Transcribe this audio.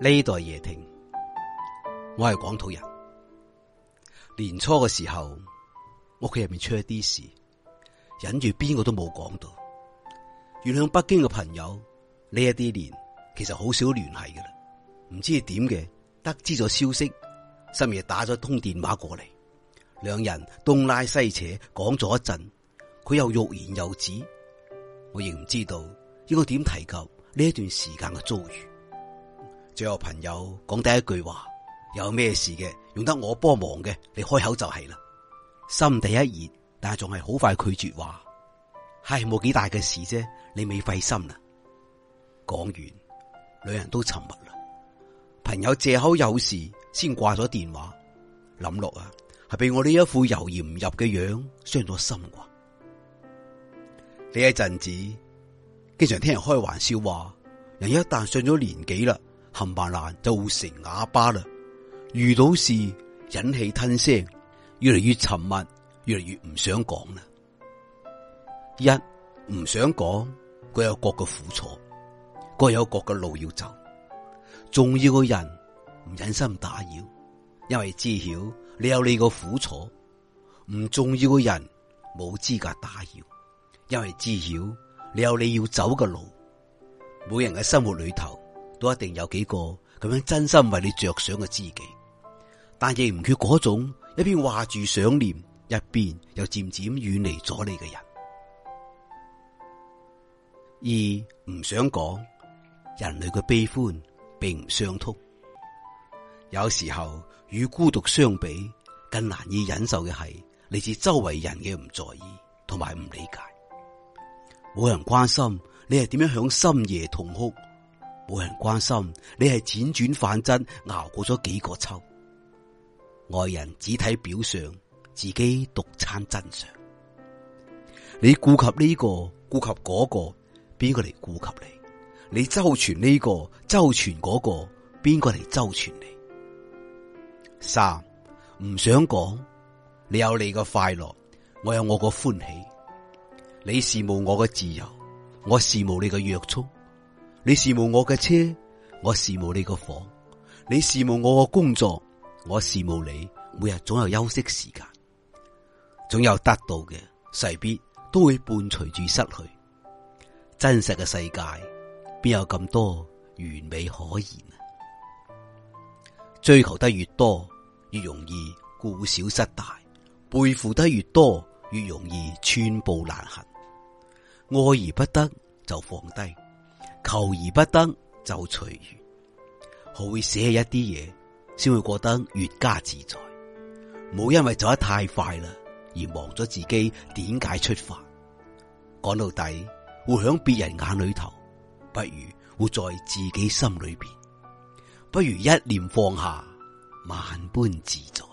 呢度係夜聽，我係廣土人。年初嘅時候，屋企入面出一啲事，忍住邊個都冇講到。原向北京嘅朋友呢一啲年，其實好少聯繫嘅啦。唔知係點嘅，得知咗消息，深夜打咗通電話過嚟。兩人東拉西扯講咗一陣，佢又欲言又止。我亦唔知道應該點提及呢一段時間嘅遭遇。最後朋友講第一句話：有咩事嘅，用得我幫忙嘅，你開口就係啦。心地一熱，但係仲係好快拒絕話，係冇幾大嘅事啫，你未費心啦。講完，兩人都沉默啦。朋友借口有事先掛咗電話，諗落啊，係俾我呢一副油鹽唔入嘅樣傷咗心啩。呢一陣子，經常聽人開玩笑話，人一旦上咗年紀啦。冚唪唥就會成啞巴啦！遇到事忍氣吞聲，越嚟越沉默，越嚟越唔想講啦。一唔想講，各有各嘅苦楚，各有各嘅路要走。重要嘅人唔忍心打擾，因為知曉你有你個苦楚；唔重要嘅人冇資格打擾，因為知曉你有你要走嘅路。每人嘅生活裏頭，都一定有幾個咁樣真心為你着想嘅知己，但亦唔缺嗰種一邊話住想念，一邊又漸漸遠離咗你嘅人。二唔想講，人類嘅悲歡並唔相通。有時候與孤獨相比，更難以忍受嘅係嚟自周圍人嘅唔在意同埋唔理解，冇人關心你係點樣響深夜痛哭。冇人關心你係輾轉反側熬過咗幾個秋，外人只睇表上，自己獨撐真相。你顧及呢、這個顧及嗰、那個，邊個嚟顧及你？你周全呢、這個周全嗰、那個，邊個嚟周全你？三唔想講，你有你個快樂，我有我個歡喜。你羨慕我嘅自由，我羨慕你嘅約束。你羨慕我嘅車，我羨慕你個房；你羨慕我嘅工作，我羨慕你每日總有休息時間，總有得到嘅，勢必都會伴隨住失去。真實嘅世界，邊有咁多完美可言啊？追求得越多，越容易顧小失大；背負得越多，越容易寸步難行。愛而不得，就放低。求而不得就隨緣，學會捨棄一啲嘢，先會過得越加自在。唔好因為走得太快啦，而忘咗自己點解出發。講到底，會響別人眼裏頭，不如活在自己心裏邊。不如一念放下，萬般自在。